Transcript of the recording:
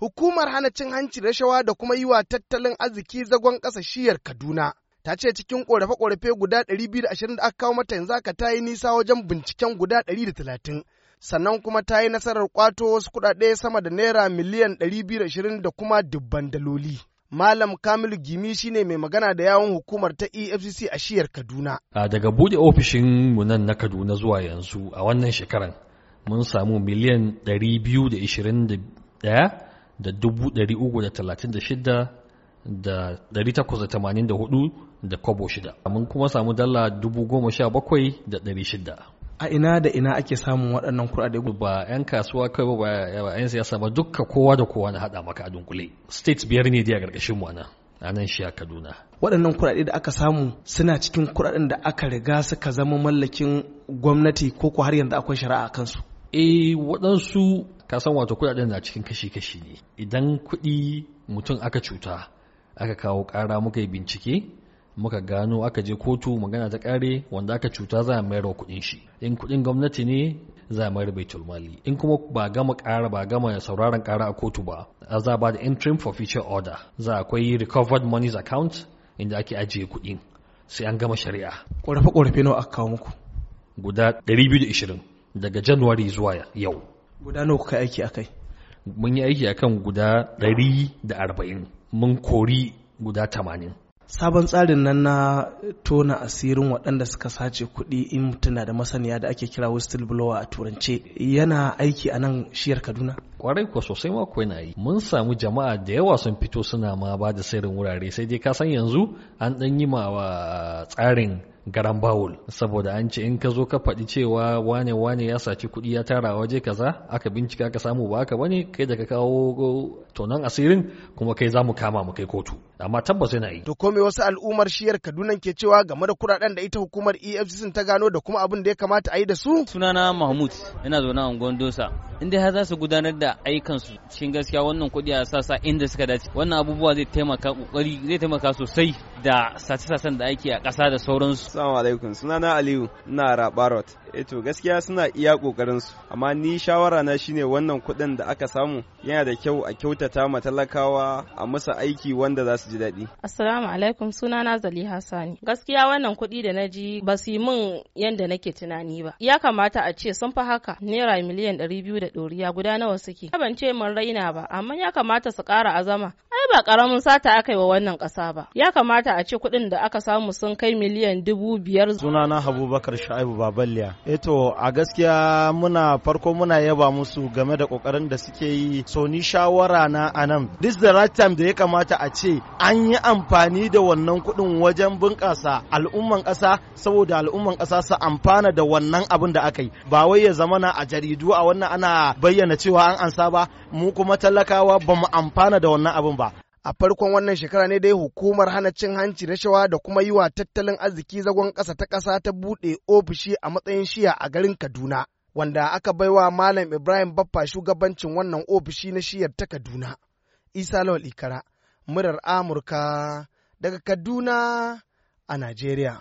Hukumar hana cin hanci rashawa da kuma yiwa tattalin arziki zagon ƙasa shiyar Kaduna. Ta ce cikin ƙorafe-ƙorafe guda 220 da aka kawo mata yanzu aka ta yi nisa wajen binciken guda 130. Sannan kuma ta yi nasarar kwato wasu kuɗaɗe sama da naira miliyan 220 da kuma dubban daloli. Malam Kamilu Gimi shine mai magana da yawon hukumar ta EFCC a shiyar Kaduna. A daga buɗe ofishin mu nan na Kaduna zuwa yanzu a wannan shekaran mun samu miliyan 221 da 336 da 884 da kobo shida mun kuma samu dala 17,600 a ina da ina ake samun waɗannan kuɗaɗe ba 'yan kasuwa kai ba 'yan siyasa ba dukka kowa da kowa na haɗa maka a dunkule states biyar ne dai a ƙarƙashin mu nan a nan shi a Kaduna. Waɗannan kuɗaɗe da aka samu suna cikin kuɗaɗen da aka riga suka zama mallakin gwamnati ko ko har yanzu akwai shari'a a kansu. Eh waɗansu ka san wato kudaden na cikin kashi-kashi ne idan kuɗi mutum aka cuta aka kawo kara muka yi bincike muka gano aka je kotu magana ta kare wanda aka cuta za a mayar wa kuɗin shi in kuɗin gwamnati ne za a mayar baitul mali in kuma ba gama kara ba gama sauraron kara a kotu ba za a ba da interim for future order za a akwai recovered monies account inda ake ajiye kuɗin sai an gama shari'a ƙorafe-ƙorafe nawa aka kawo muku guda 220 daga january zuwa yau guda nawa kuka aiki akai mun yi aiki akan guda 140 mun kori guda 80 sabon tsarin nan na tona asirin waɗanda suka sace kuɗi in na da masaniya da ake kira whistleblower a turance yana aiki a nan shiyar kaduna kwarai ko sosai ma yana yi mun samu jama'a da yawa sun fito suna ma ba da sirrin wurare sai dai ka san yanzu an dan yi ma tsarin garan bawul saboda an ce in ka zo ka faɗi cewa wane wane ya saci kuɗi ya tara waje kaza aka bincika ka samu ba aka bane kai da ka kawo tonan asirin kuma kai za mu kama mu kai kotu amma tabbas yana yi to komai wasu al'ummar shiyar Kaduna ke cewa game da kuɗaɗen da ita hukumar EFCC ta gano da kuma abin da ya kamata a yi da su sunana Mahmud ina zaune a Gondosa inda har za su gudanar da da aikansu cikin gaskiya wannan kuɗi a sasa inda suka dace wannan abubuwa zai taimaka kokari zai taimaka sosai da sace-sacen da ake a kasa da sauransu. Assalamu alaikum sunana Aliyu ina Rabarot. Eh to gaskiya suna iya kokarin su amma ni shawara na shine wannan kuɗin da aka samu yana da kyau a kyautata ma talakawa a musu aiki wanda za su ji daɗi. Assalamu alaikum sunana Zaliha Sani. Gaskiya wannan kuɗi da na ji ba su yi min yanda nake tunani ba. Ya kamata a ce sun fa haka naira miliyan ɗari biyu da ɗoriya guda nawa suke aiki ban ce mun raina ba amma ya kamata su kara azama ai ba karamin sata aka yi wa wannan kasa ba ya kamata a ce kuɗin da aka samu sun kai miliyan dubu biyar sunana habubakar sha'ibu baballiya eto eh a gaskiya muna farko muna yaba musu game da kokarin da suke yi so ni shawara na anan this the right time da ya kamata a ce an yi amfani da wannan kuɗin wajen bunƙasa al'umman kasa saboda al'umman kasa su amfana da wannan abin da aka yi ba wai ya zamana a jaridu a wannan ana bayyana cewa an ansa ba mu kuma talakawa ba mu amfana da wannan abin ba a farkon wannan shekara ne dai hukumar hana cin hanci rashawa da kuma yiwa tattalin arziki zagon ƙasa ta ƙasa ta buɗe ofishi a matsayin shiya a garin kaduna wanda aka baiwa malam ibrahim baffa shugabancin wannan ofishi na shiyar ta kaduna isa lawal ikara murar amurka daga kaduna a najeriya